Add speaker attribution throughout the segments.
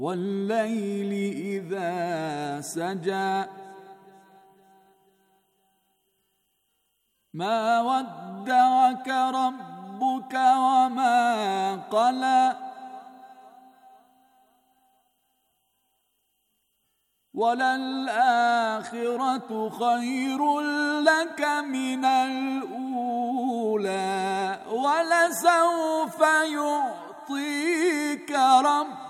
Speaker 1: والليل إذا سجى ما ودعك ربك وما قلى وللآخرة خير لك من الأولى ولسوف يعطيك ربك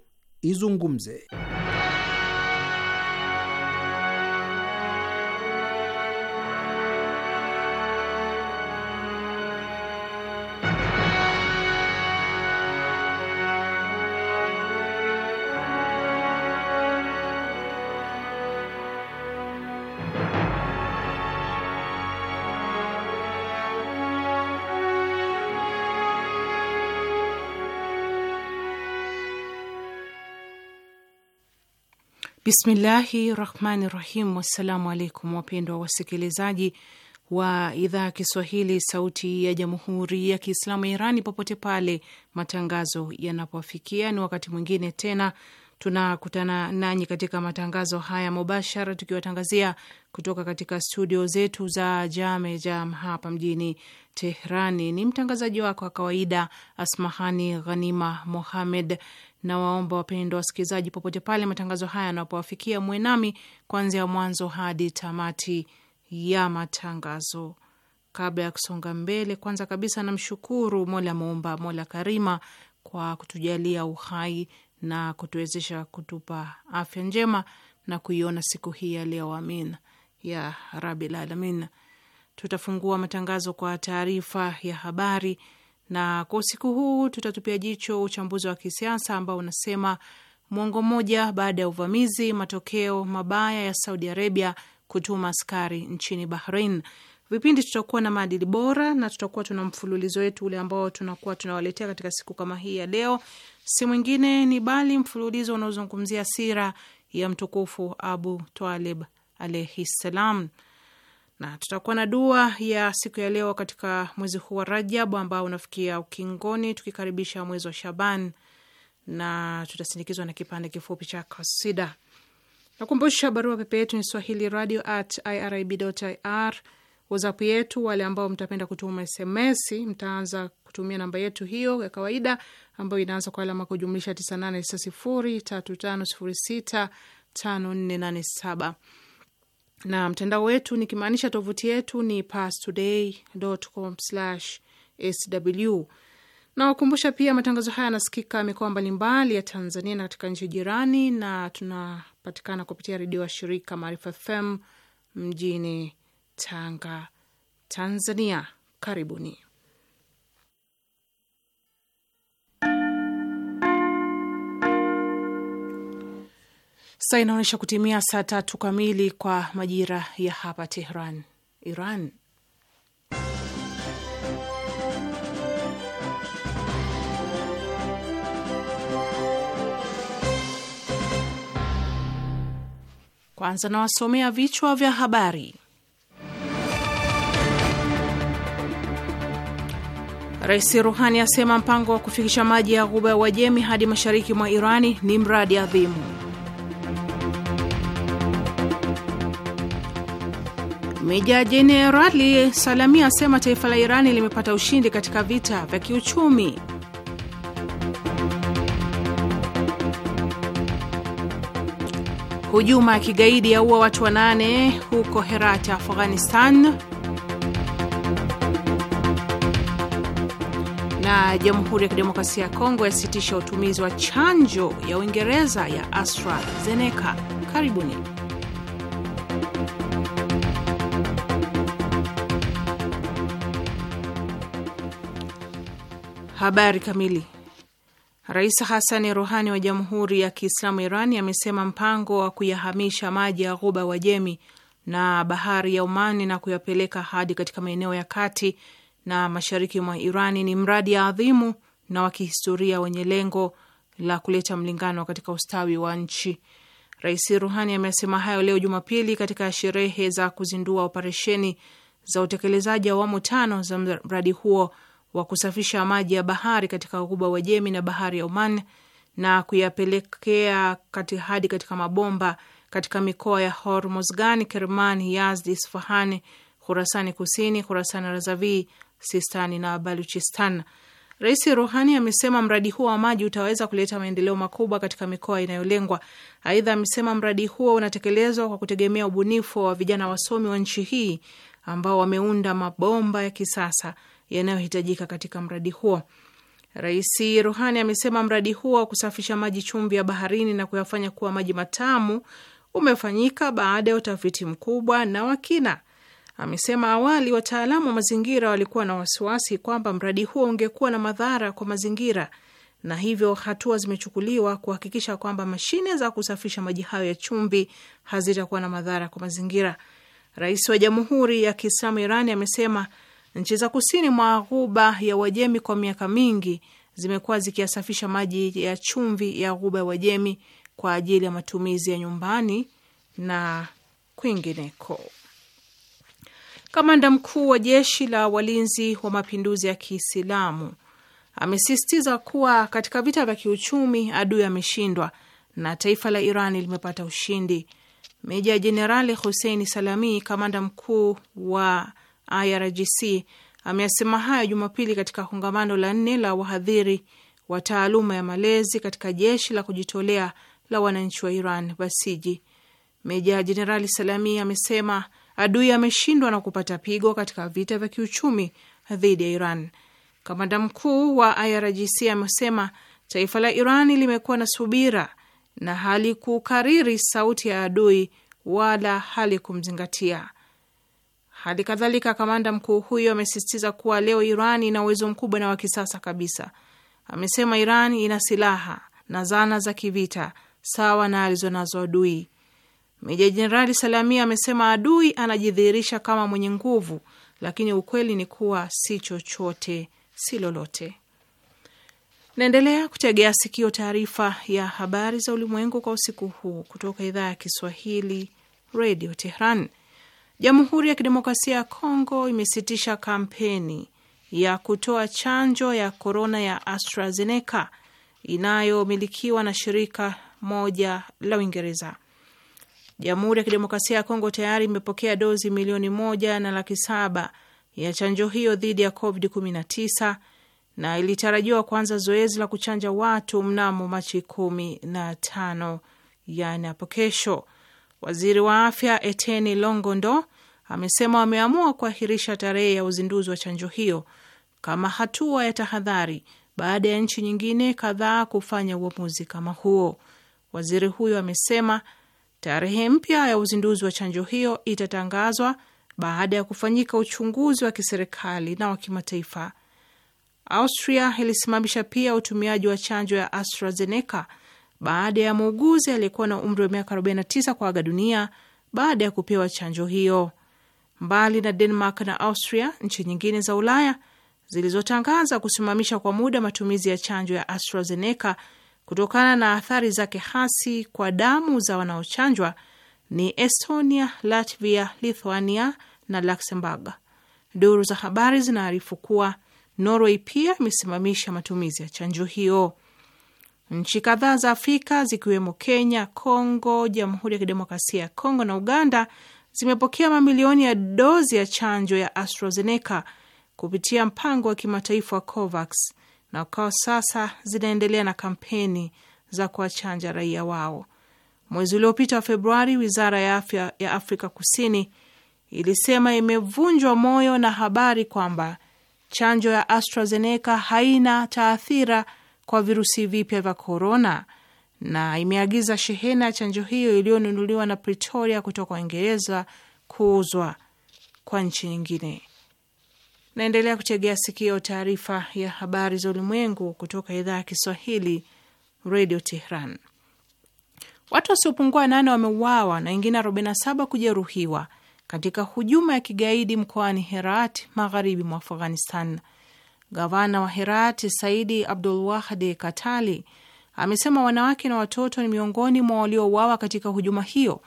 Speaker 2: izungumze.
Speaker 3: Bismillahi rahmani rahim. Wassalamu alaikum wapendwa wasikilizaji wa idhaa ya Kiswahili sauti ya jamhuri ya Kiislamu ya Irani, popote pale matangazo yanapofikia, ni wakati mwingine tena tunakutana nanyi katika matangazo haya mubashara, tukiwatangazia kutoka katika studio zetu za Jame Jam hapa mjini Tehrani. Ni mtangazaji wako wa kawaida Asmahani Ghanima Mohamed nawaomba wapendo wapendwa wasikilizaji, popote pale matangazo haya yanapowafikia, mwe nami kuanzia mwanzo hadi tamati ya matangazo. Kabla ya kusonga mbele, kwanza kabisa namshukuru Mola Muumba, Mola Karima, kwa kutujalia uhai na kutuwezesha kutupa afya njema na kuiona siku hii ya leo. Amin ya rabil alamin. Tutafungua matangazo kwa taarifa ya habari na kwa usiku huu tutatupia jicho uchambuzi wa kisiasa ambao unasema mwongo mmoja baada ya uvamizi, matokeo mabaya ya Saudi Arabia kutuma askari nchini Bahrain. Vipindi tutakuwa na maadili bora na tutakuwa tuna mfululizo wetu ule ambao tunakuwa tunawaletea katika siku kama hii ya leo, si mwingine ni bali mfululizo unaozungumzia sira ya mtukufu Abu talib alaihi ssalam na tutakuwa na dua ya siku ya leo katika mwezi huu wa Rajabu ambao unafikia ukingoni, tukikaribisha mwezi wa Shaban na tutasindikizwa na kipande kifupi cha kasida. Nakumbusha barua pepe yetu ni swahili radio at irib.ir. WhatsApp yetu, wale ambao mtapenda kutuma SMS mtaanza kutumia namba yetu hiyo ya kawaida ambayo inaanza kwa alama kujumlisha 989035065487 na mtandao wetu nikimaanisha tovuti yetu ni pastoday.com/sw. nawakumbusha pia, matangazo haya yanasikika mikoa mbalimbali ya Tanzania na katika nchi jirani, na tunapatikana kupitia redio wa shirika Maarifa FM mjini Tanga, Tanzania. Karibuni. sa inaonyesha kutimia saa tatu kamili kwa majira ya hapa Tehran, Iran. Kwanza nawasomea vichwa vya habari. Rais Ruhani asema mpango wa kufikisha maji ya ghuba ya Uajemi hadi mashariki mwa Irani ni mradi adhimu. Meja Jenerali Salami asema taifa la Irani limepata ushindi katika vita vya kiuchumi. Hujuma ya kigaidi yaua watu wanane huko Herat, Afghanistan. na Jamhuri ya Kidemokrasia ya Kongo yasitisha utumizi wa chanjo ya Uingereza ya AstraZeneca. Karibuni. Habari kamili. Rais Hasani Rohani wa Jamhuri ya Kiislamu Irani amesema mpango wa kuyahamisha maji ya Ghuba Wajemi na bahari ya Umani na kuyapeleka hadi katika maeneo ya kati na mashariki mwa Irani ni mradi adhimu na wa kihistoria wenye lengo la kuleta mlingano katika ustawi wa nchi. Rais Ruhani amesema hayo leo Jumapili katika sherehe za kuzindua operesheni za utekelezaji awamu tano za mradi huo wa kusafisha maji ya bahari katika ghuba wa Jemi na bahari ya Oman na kuyapelekea kati hadi katika mabomba katika mikoa ya Hormozgan, Kerman, Yazd, Isfahan, Khurasani Kusini, Khurasani Razavi, Sistani na Baluchistan. Rais Ruhani amesema mradi huo wa maji utaweza kuleta maendeleo makubwa katika mikoa inayolengwa. Aidha, amesema mradi huo unatekelezwa kwa kutegemea ubunifu wa vijana wasomi wa nchi hii ambao wameunda mabomba ya kisasa yanayohitajika katika mradi huo. Rais Ruhani amesema mradi huo wa kusafisha maji chumvi ya baharini na kuyafanya kuwa maji matamu umefanyika baada ya utafiti mkubwa na wakina Amesema awali wataalamu wa mazingira walikuwa na wasiwasi kwamba mradi huo ungekuwa na madhara kwa mazingira, na hivyo hatua zimechukuliwa kuhakikisha kwamba mashine za kusafisha maji hayo ya chumvi hazitakuwa na madhara kwa mazingira. Rais wa Jamhuri ya Kiislamu Irani amesema Nchi za kusini mwa ghuba ya Uajemi kwa miaka mingi zimekuwa zikiyasafisha maji ya chumvi ya ghuba ya Uajemi kwa ajili ya matumizi ya nyumbani na kwingineko. Kamanda mkuu wa jeshi la walinzi wa mapinduzi ya Kiislamu amesisitiza kuwa katika vita vya kiuchumi adui ameshindwa na taifa la Iran limepata ushindi. Meja Jenerali huseini Salami, kamanda mkuu wa IRGC amesema hayo Jumapili katika kongamano la nne la wahadhiri wa taaluma ya malezi katika jeshi la kujitolea la wananchi wa Iran, Basiji. Meja Jenerali Salami amesema adui ameshindwa na kupata pigo katika vita vya kiuchumi dhidi ya Iran. Kamanda mkuu wa IRGC amesema taifa la Iran limekuwa na subira na halikukariri sauti ya adui wala halikumzingatia. Hali kadhalika kamanda mkuu huyo amesisitiza kuwa leo Iran ina uwezo mkubwa na wa kisasa kabisa. Amesema Iran ina silaha na zana za kivita sawa na alizonazo adui. Meja Jenerali Salamia amesema adui anajidhihirisha kama mwenye nguvu, lakini ukweli ni kuwa si chochote, si lolote. Naendelea kutegea sikio taarifa ya habari za ulimwengu kwa usiku huu kutoka idhaa ya Kiswahili, Radio Tehran. Jamhuri ya Kidemokrasia ya Kongo imesitisha kampeni ya kutoa chanjo ya korona ya AstraZeneca inayomilikiwa na shirika moja la Uingereza. Jamhuri ya Kidemokrasia ya Kongo tayari imepokea dozi milioni moja na laki saba ya chanjo hiyo dhidi ya COVID-19 na ilitarajiwa kuanza zoezi la kuchanja watu mnamo Machi kumi na tano yani hapo kesho. Waziri wa afya Eteni Longondo amesema wameamua kuahirisha tarehe ya uzinduzi wa chanjo hiyo kama hatua ya tahadhari baada ya nchi nyingine kadhaa kufanya uamuzi kama huo. Waziri huyo amesema tarehe mpya ya uzinduzi wa chanjo hiyo itatangazwa baada ya kufanyika uchunguzi wa kiserikali na wa kimataifa. Austria ilisimamisha pia utumiaji wa chanjo ya AstraZeneca baada ya muuguzi aliyekuwa na umri wa miaka 49 kuaga dunia baada ya kupewa chanjo hiyo. Mbali na Denmark na Austria, nchi nyingine za Ulaya zilizotangaza kusimamisha kwa muda matumizi ya chanjo ya AstraZeneca kutokana na athari zake hasi kwa damu za wanaochanjwa ni Estonia, Latvia, Lithuania na Luxembourg. Duru za habari zinaarifu kuwa Norway pia imesimamisha matumizi ya chanjo hiyo. Nchi kadhaa za Afrika zikiwemo Kenya, congo Jamhuri ya Kidemokrasia ya congo na Uganda zimepokea mamilioni ya dozi ya chanjo ya AstraZeneca kupitia mpango wa kimataifa wa COVAX na ukawa sasa zinaendelea na kampeni za kuwachanja raia wao. Mwezi uliopita wa Februari, wizara ya afya ya Afrika Kusini ilisema imevunjwa moyo na habari kwamba chanjo ya AstraZeneca haina taathira kwa virusi vipya vya korona na imeagiza shehena ya chanjo hiyo iliyonunuliwa na Pretoria kutoka Uingereza kuuzwa kwa nchi nyingine. Naendelea kutegea sikio taarifa ya habari za ulimwengu kutoka idhaa ya Kiswahili, Radio Tehran. Watu wasiopungua nane wameuawa na wengine 47 kujeruhiwa katika hujuma ya kigaidi mkoani Herat, magharibi mwa Afghanistan. Gavana wa Herati Saidi Abdul Wahdi Katali amesema wanawake na watoto ni miongoni mwa waliouawa katika hujuma hiyo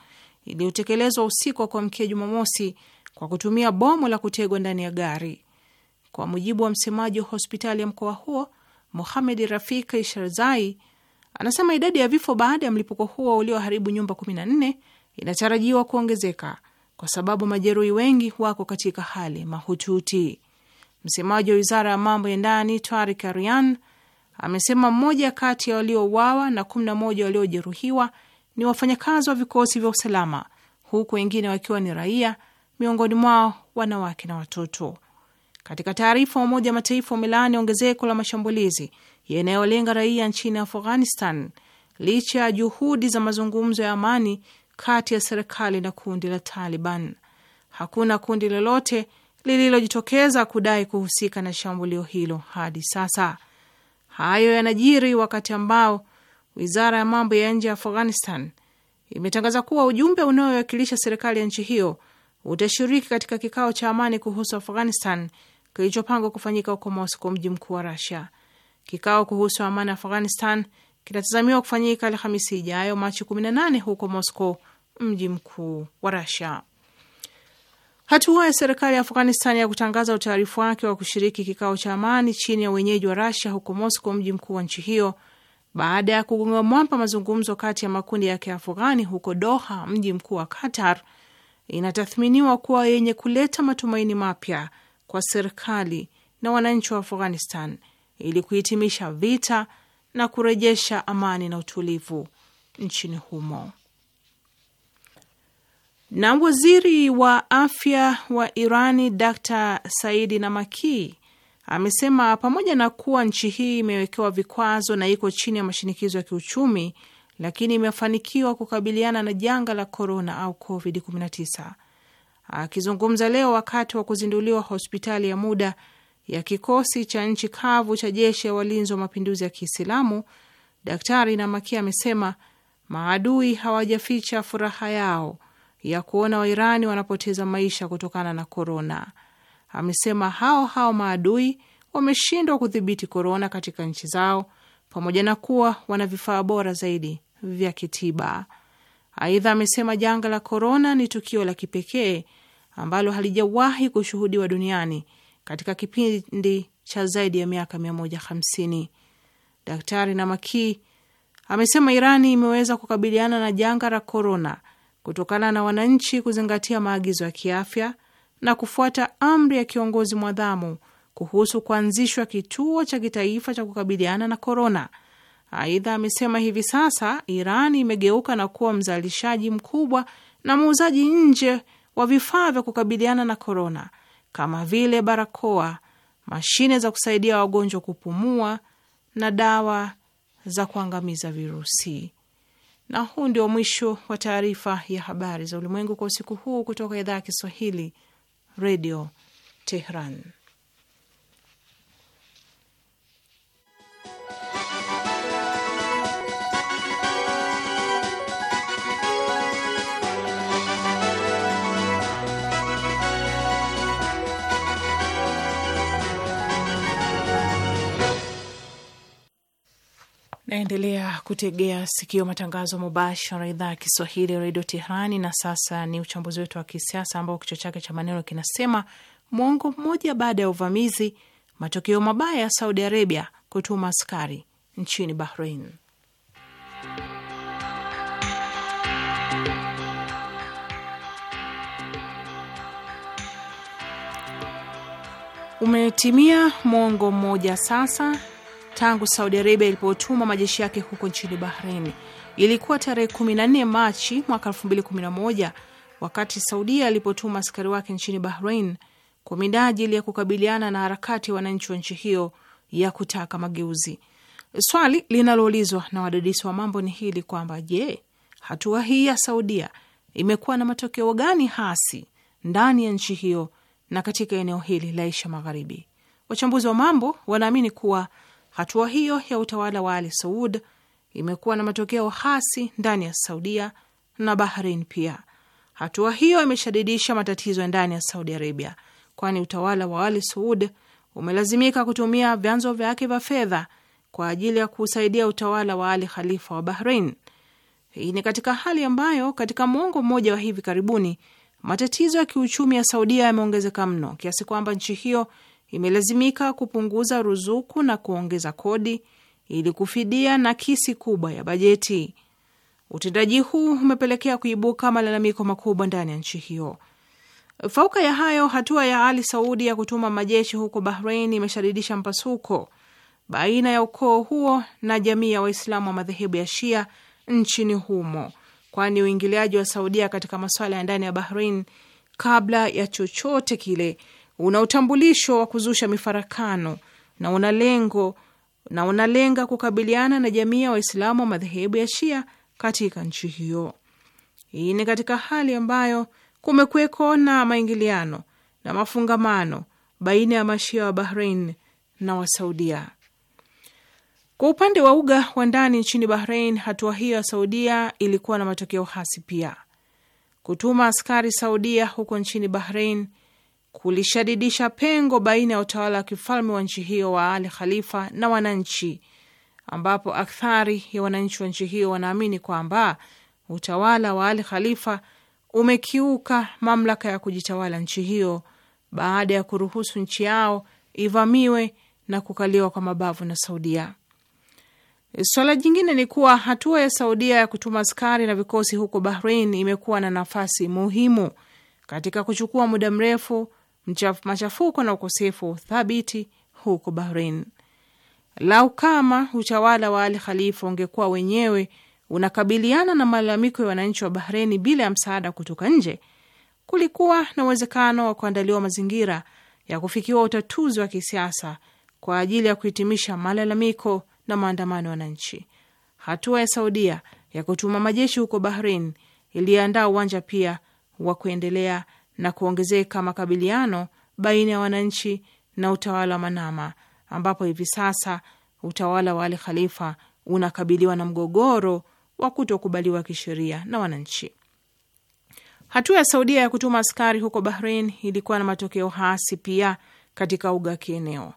Speaker 3: iliyotekelezwa usiku wa kuamkia Jumamosi kwa kutumia bomu la kutegwa ndani ya gari. Kwa mujibu wa msemaji wa hospitali ya mkoa huo Mohamed Rafik Sharzai, anasema idadi ya vifo baada ya mlipuko huo ulioharibu nyumba 14 inatarajiwa kuongezeka kwa sababu majeruhi wengi wako katika hali mahututi. Msemaji wa wizara ya mambo ya ndani Tarik Arian amesema mmoja kati ya waliouawa na kumi na moja waliojeruhiwa ni wafanyakazi wa vikosi vya usalama, huku wengine wakiwa ni raia, miongoni mwao wanawake na watoto. Katika taarifa, Umoja wa Mataifa umelaani ongezeko la mashambulizi yanayolenga raia nchini Afghanistan licha ya juhudi za mazungumzo ya amani kati ya serikali na kundi la Taliban. Hakuna kundi lolote lililojitokeza kudai kuhusika na shambulio hilo hadi sasa. Hayo yanajiri wakati ambao wizara ya mambo ya nje ya Afghanistan imetangaza kuwa ujumbe unaowakilisha serikali ya nchi hiyo utashiriki katika kikao cha amani kuhusu Afghanistan kilichopangwa kufanyika huko Moscow, mji mkuu wa rusia Kikao kuhusu amani Afghanistan kinatazamiwa kufanyika Alhamisi ijayo Machi 18 huko Moscow, mji mkuu wa Russia. Hatua ya serikali ya Afghanistan ya kutangaza utaarifu wake wa kushiriki kikao cha amani chini ya wenyeji wa Rasia huko Moscow, mji mkuu wa nchi hiyo, baada ya kugonga mwamba mazungumzo kati ya makundi ya kiafghani huko Doha, mji mkuu wa Qatar, inatathminiwa kuwa yenye kuleta matumaini mapya kwa serikali na wananchi wa Afghanistan ili kuhitimisha vita na kurejesha amani na utulivu nchini humo. Na waziri wa afya wa Irani Dr Saidi Namaki amesema pamoja na kuwa nchi hii imewekewa vikwazo na iko chini ya mashinikizo ya kiuchumi, lakini imefanikiwa kukabiliana na janga la korona au COVID-19. Akizungumza leo wakati wa kuzinduliwa hospitali ya muda ya kikosi cha nchi kavu cha jeshi ya walinzi wa mapinduzi ya Kiislamu, Daktari Namaki amesema maadui hawajaficha furaha yao ya kuona Wairani wanapoteza maisha kutokana na korona. Amesema hao hao maadui wameshindwa kudhibiti korona katika nchi zao pamoja na kuwa wana vifaa bora zaidi vya kitiba. Aidha, amesema janga la korona ni tukio la kipekee ambalo halijawahi kushuhudiwa duniani katika kipindi cha zaidi ya miaka 150. Daktari Namaki amesema Irani imeweza kukabiliana na janga la korona kutokana na wananchi kuzingatia maagizo ya kiafya na kufuata amri ya kiongozi mwadhamu kuhusu kuanzishwa kituo cha kitaifa cha kukabiliana na korona. Aidha, amesema hivi sasa Iran imegeuka na kuwa mzalishaji mkubwa na muuzaji nje wa vifaa vya kukabiliana na korona kama vile barakoa, mashine za kusaidia wagonjwa kupumua na dawa za kuangamiza virusi. Na huu ndio mwisho wa taarifa ya habari za ulimwengu kwa usiku huu kutoka idhaa ya Kiswahili, Redio Tehran. Naendelea kutegea sikio matangazo mubashara idhaa ya Kiswahili redio Tehrani. Na sasa ni uchambuzi wetu wa kisiasa ambao kichwa chake cha maneno kinasema mwongo mmoja baada ya uvamizi, matokeo mabaya ya Saudi Arabia kutuma askari nchini Bahrain. Umetimia mwongo mmoja sasa tangu Saudi Arabia ilipotuma majeshi yake huko nchini Bahrain. Ilikuwa tarehe 14 Machi mwaka 2011 wakati Saudia alipotuma askari wake nchini Bahrain kwa minajili ya kukabiliana na harakati ya wananchi wa nchi hiyo ya kutaka mageuzi. Swali linaloulizwa na wadadisi wa mambo ni hili kwamba je, hatua hii ya Saudia imekuwa na matokeo gani hasi ndani ya nchi hiyo na katika eneo hili la Asia Magharibi? Wachambuzi wa mambo wanaamini kuwa Hatua hiyo ya utawala wa Ali Saud imekuwa na matokeo hasi ndani ya Saudia na Bahrain pia. Hatua hiyo imeshadidisha matatizo ya ndani ya Saudi Arabia, kwani utawala wa Ali Saud umelazimika kutumia vyanzo vyake vya fedha kwa ajili ya kusaidia utawala wa Ali Khalifa wa Bahrain. Hii ni katika hali ambayo katika mwongo mmoja wa hivi karibuni matatizo ya kiuchumi ya Saudia yameongezeka mno kiasi kwamba nchi hiyo imelazimika kupunguza ruzuku na kuongeza kodi ili kufidia nakisi kubwa ya bajeti. Utendaji huu umepelekea kuibuka malalamiko makubwa ndani ya nchi hiyo. Fauka ya hayo, hatua ya Ali Saudi ya kutuma majeshi huko Bahrain imeshadidisha mpasuko baina ya ukoo huo na jamii ya Waislamu wa madhehebu ya Shia nchini humo, kwani uingiliaji wa Saudia katika masuala ya ndani ya Bahrain kabla ya chochote kile una utambulisho wa kuzusha mifarakano na una lengo na unalenga kukabiliana na jamii ya Waislamu wa madhehebu ya Shia katika nchi hiyo. Hii ni katika hali ambayo kumekuweko na maingiliano na mafungamano baina ya mashia wa Bahrain na Wasaudia. Kwa upande wa uga wa ndani nchini Bahrain, hatua hiyo ya Saudia ilikuwa na matokeo hasi pia. Kutuma askari Saudia huko nchini Bahrain kulishadidisha pengo baina ya utawala wa kifalme wa nchi hiyo wa Ali Khalifa na wananchi, ambapo akthari ya wananchi wa nchi hiyo wanaamini kwamba utawala wa Ali Khalifa umekiuka mamlaka ya kujitawala nchi hiyo baada ya kuruhusu nchi yao ivamiwe na kukaliwa kwa mabavu na Saudia. Swala jingine ni kuwa hatua ya Saudia ya kutuma askari na vikosi huko Bahrain imekuwa na nafasi muhimu katika kuchukua muda mrefu machafuko na ukosefu thabiti huko Bahrain. Lau kama utawala wa ali Khalifa ungekuwa wenyewe unakabiliana na malalamiko ya wananchi wa Bahreni bila ya msaada kutoka nje, kulikuwa na uwezekano wa kuandaliwa mazingira ya kufikiwa utatuzi wa kisiasa kwa ajili ya kuhitimisha malalamiko na maandamano ya wananchi. Hatua ya Saudia ya kutuma majeshi huko Bahrain iliandaa uwanja pia wa kuendelea na kuongezeka makabiliano baina ya wananchi na utawala wa Manama, ambapo hivi sasa utawala wa Ali Khalifa unakabiliwa na mgogoro wa kutokubaliwa kisheria na wananchi. Hatua ya Saudia ya kutuma askari huko Bahrain ilikuwa na matokeo hasi pia katika uga kieneo.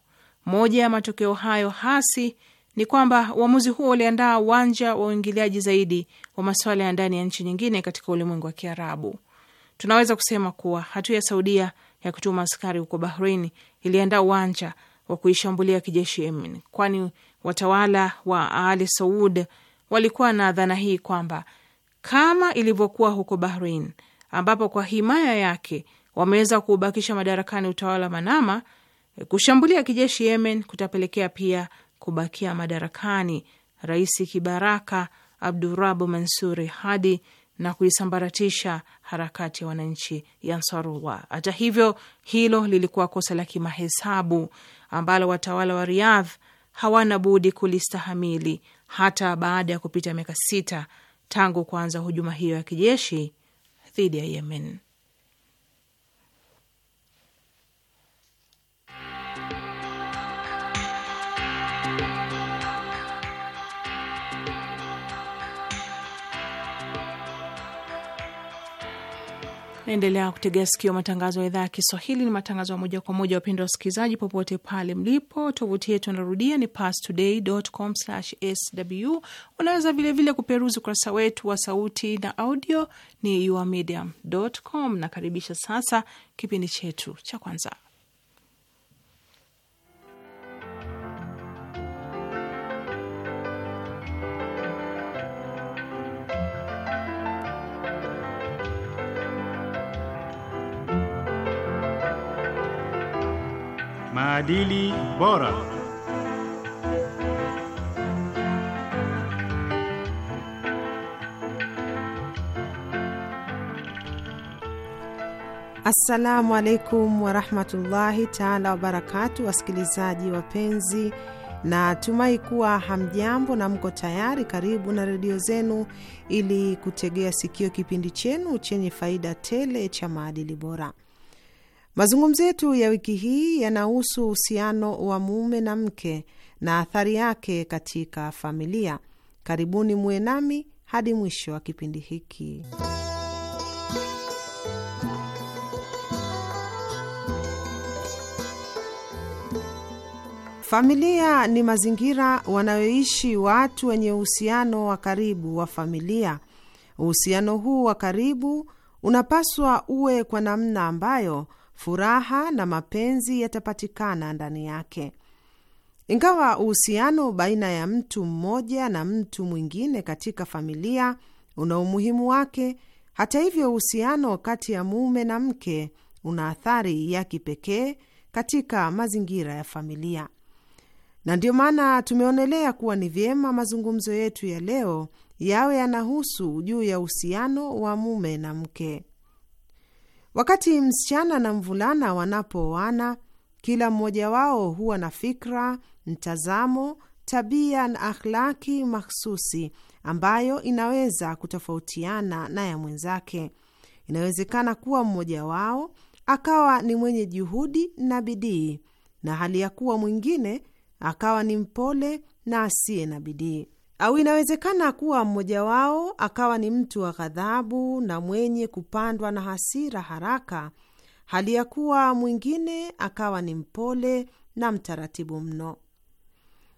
Speaker 3: Moja ya matokeo hayo hasi ni kwamba uamuzi huo uliandaa uwanja wa uingiliaji zaidi wa masuala ya ndani ya nchi nyingine katika ulimwengu wa Kiarabu. Tunaweza kusema kuwa hatua ya Saudia ya kutuma askari huko Bahrein iliandaa uwanja wa kuishambulia kijeshi Yemen, kwani watawala wa Ali Saud walikuwa na dhana hii kwamba kama ilivyokuwa huko Bahrein, ambapo kwa himaya yake wameweza kuubakisha madarakani utawala wa Manama, kushambulia kijeshi Yemen kutapelekea pia kubakia madarakani Rais kibaraka Abdurabu Mansuri Hadi na kuisambaratisha harakati ya wananchi ya Ansarullah. Hata hivyo, hilo lilikuwa kosa la kimahesabu ambalo watawala wa Riyadh hawana budi kulistahamili hata baada ya kupita miaka sita tangu kuanza hujuma hiyo ya kijeshi dhidi ya Yemen. Naendelea kutegea sikio matangazo ya idhaa ya Kiswahili. Ni matangazo ya moja kwa moja, wapendwa wasikilizaji, popote pale mlipo. Tovuti yetu anarudia ni pastoday.com/sw. Unaweza vilevile kuperuzi ukurasa wetu wa sauti na audio ni yourmedium.com. Nakaribisha sasa kipindi chetu cha kwanza
Speaker 2: Maadili Bora.
Speaker 4: Assalamu alaikum warahmatullahi taala wabarakatu, wasikilizaji wapenzi, na tumai kuwa hamjambo na mko tayari karibu na redio zenu ili kutegea sikio kipindi chenu chenye faida tele cha maadili bora. Mazungumzo yetu ya wiki hii yanahusu uhusiano wa mume na mke na athari yake katika familia. Karibuni muwe nami hadi mwisho wa kipindi hiki. Familia ni mazingira wanayoishi watu wenye uhusiano wa karibu wa familia. Uhusiano huu wa karibu unapaswa uwe kwa namna ambayo furaha na mapenzi yatapatikana ndani yake. Ingawa uhusiano baina ya mtu mmoja na mtu mwingine katika familia una umuhimu wake, hata hivyo, uhusiano kati ya mume na mke una athari ya kipekee katika mazingira ya familia, na ndiyo maana tumeonelea kuwa ni vyema mazungumzo yetu ya leo yawe yanahusu juu ya uhusiano wa mume na mke. Wakati msichana na mvulana wanapooana, kila mmoja wao huwa na fikra, mtazamo, tabia na akhlaki mahsusi ambayo inaweza kutofautiana na ya mwenzake. Inawezekana kuwa mmoja wao akawa ni mwenye juhudi na bidii, na hali ya kuwa mwingine akawa ni mpole na asiye na bidii au inawezekana kuwa mmoja wao akawa ni mtu wa ghadhabu na mwenye kupandwa na hasira haraka, hali ya kuwa mwingine akawa ni mpole na mtaratibu mno.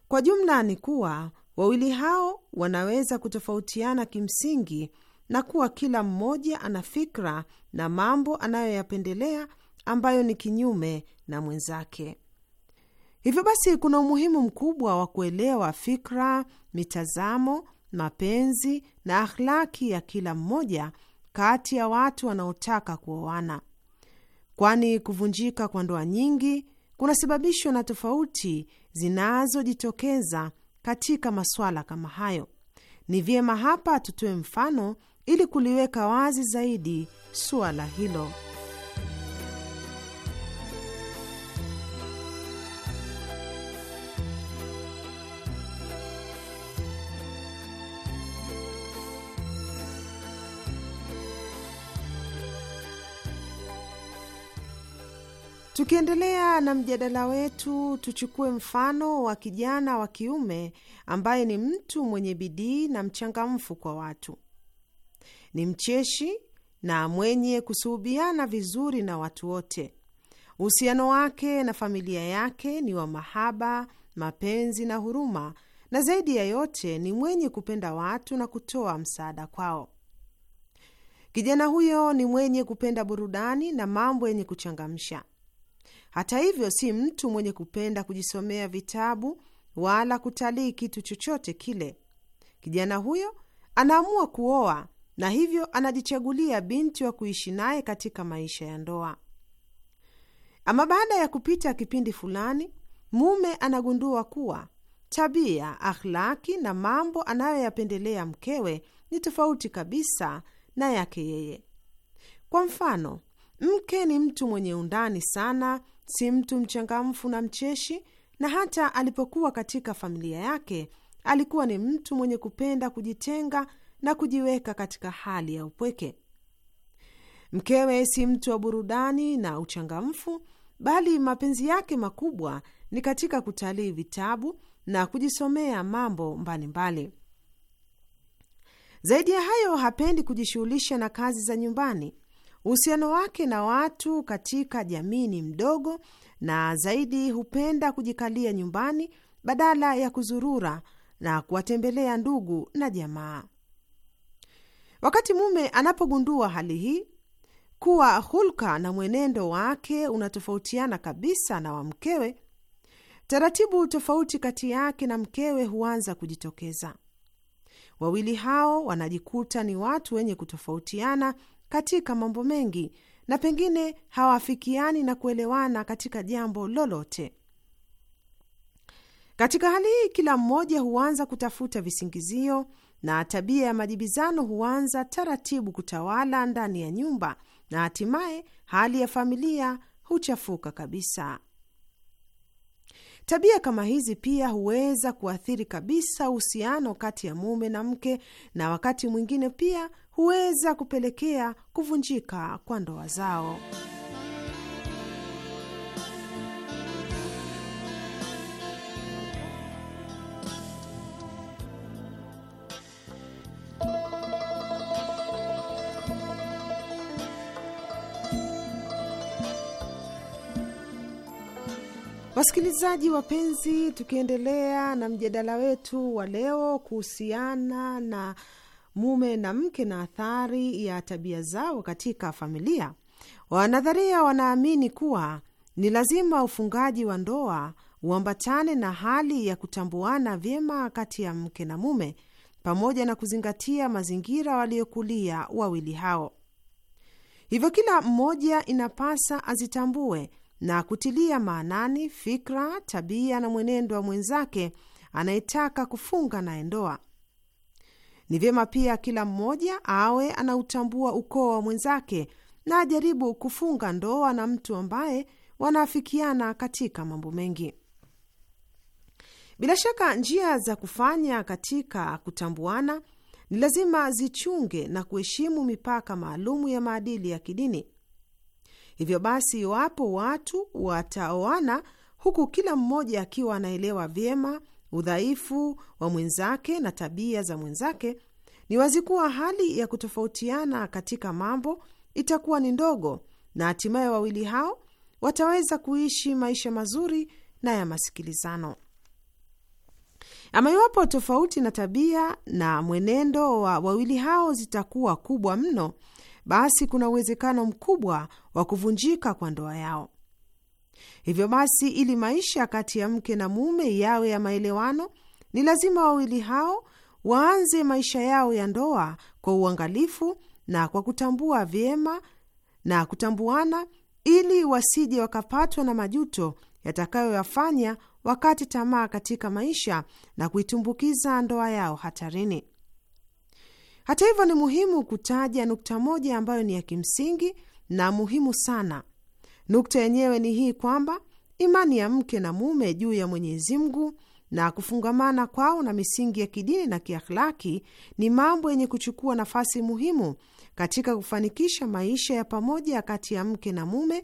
Speaker 4: Kwa jumla ni kuwa wawili hao wanaweza kutofautiana kimsingi na kuwa kila mmoja ana fikra na mambo anayoyapendelea ambayo ni kinyume na mwenzake. Hivyo basi, kuna umuhimu mkubwa wa kuelewa fikra mitazamo, mapenzi na akhlaki ya kila mmoja kati ya watu wanaotaka kuoana, kwani kuvunjika kwa ndoa nyingi kunasababishwa na tofauti zinazojitokeza katika masuala kama hayo. Ni vyema hapa tutoe mfano ili kuliweka wazi zaidi suala hilo. Tukiendelea na mjadala wetu, tuchukue mfano wa kijana wa kiume ambaye ni mtu mwenye bidii na mchangamfu kwa watu. Ni mcheshi na mwenye kusuhubiana vizuri na watu wote. Uhusiano wake na familia yake ni wa mahaba, mapenzi na huruma, na zaidi ya yote ni mwenye kupenda watu na kutoa msaada kwao. Kijana huyo ni mwenye kupenda burudani na mambo yenye kuchangamsha. Hata hivyo, si mtu mwenye kupenda kujisomea vitabu wala kutalii kitu chochote kile. Kijana huyo anaamua kuoa na hivyo anajichagulia binti wa kuishi naye katika maisha ya ndoa. Ama baada ya kupita kipindi fulani, mume anagundua kuwa tabia, akhlaki na mambo anayoyapendelea mkewe ni tofauti kabisa na yake yeye. Kwa mfano, mke ni mtu mwenye undani sana Si mtu mchangamfu na mcheshi, na hata alipokuwa katika familia yake alikuwa ni mtu mwenye kupenda kujitenga na kujiweka katika hali ya upweke. Mkewe si mtu wa burudani na uchangamfu, bali mapenzi yake makubwa ni katika kutalii vitabu na kujisomea mambo mbalimbali mbali. Zaidi ya hayo, hapendi kujishughulisha na kazi za nyumbani Uhusiano wake na watu katika jamii ni mdogo na zaidi hupenda kujikalia nyumbani badala ya kuzurura na kuwatembelea ndugu na jamaa. Wakati mume anapogundua hali hii kuwa hulka na mwenendo wake unatofautiana kabisa na wa mkewe, taratibu tofauti kati yake na mkewe huanza kujitokeza. Wawili hao wanajikuta ni watu wenye kutofautiana katika mambo mengi na pengine hawafikiani na kuelewana katika jambo lolote. Katika hali hii, kila mmoja huanza kutafuta visingizio na tabia ya majibizano huanza taratibu kutawala ndani ya nyumba, na hatimaye hali ya familia huchafuka kabisa. Tabia kama hizi pia huweza kuathiri kabisa uhusiano kati ya mume na mke, na wakati mwingine pia huweza kupelekea kuvunjika kwa ndoa zao. Wasikilizaji wapenzi, tukiendelea na mjadala wetu wa leo kuhusiana na mume na mke na athari ya tabia zao katika familia, wanadharia wanaamini kuwa ni lazima ufungaji wa ndoa uambatane na hali ya kutambuana vyema kati ya mke na mume pamoja na kuzingatia mazingira waliokulia wawili hao. Hivyo kila mmoja inapasa azitambue na kutilia maanani fikra, tabia na mwenendo wa mwenzake anayetaka kufunga naye ndoa. Ni vyema pia kila mmoja awe anautambua ukoo wa mwenzake na ajaribu kufunga ndoa na mtu ambaye wanaafikiana katika mambo mengi. Bila shaka njia za kufanya katika kutambuana ni lazima zichunge na kuheshimu mipaka maalumu ya maadili ya kidini. Hivyo basi, iwapo watu wataoana huku kila mmoja akiwa anaelewa vyema udhaifu wa mwenzake na tabia za mwenzake, ni wazi kuwa hali ya kutofautiana katika mambo itakuwa ni ndogo, na hatimaye wawili hao wataweza kuishi maisha mazuri na ya masikilizano. Ama iwapo tofauti na tabia na mwenendo wa wawili hao zitakuwa kubwa mno, basi kuna uwezekano mkubwa wa kuvunjika kwa ndoa yao. Hivyo basi, ili maisha kati ya mke na mume yawe ya maelewano, ni lazima wawili hao waanze maisha yao ya ndoa kwa uangalifu na kwa kutambua vyema na kutambuana, ili wasije wakapatwa na majuto yatakayoyafanya wakati tamaa katika maisha na kuitumbukiza ndoa yao hatarini. Hata hivyo, ni muhimu kutaja nukta moja ambayo ni ya kimsingi na muhimu sana Nukta yenyewe ni hii kwamba imani ya mke na mume juu ya Mwenyezi Mungu na kufungamana kwao na misingi ya kidini na kiakhlaki ni mambo yenye kuchukua nafasi muhimu katika kufanikisha maisha ya pamoja kati ya mke na mume,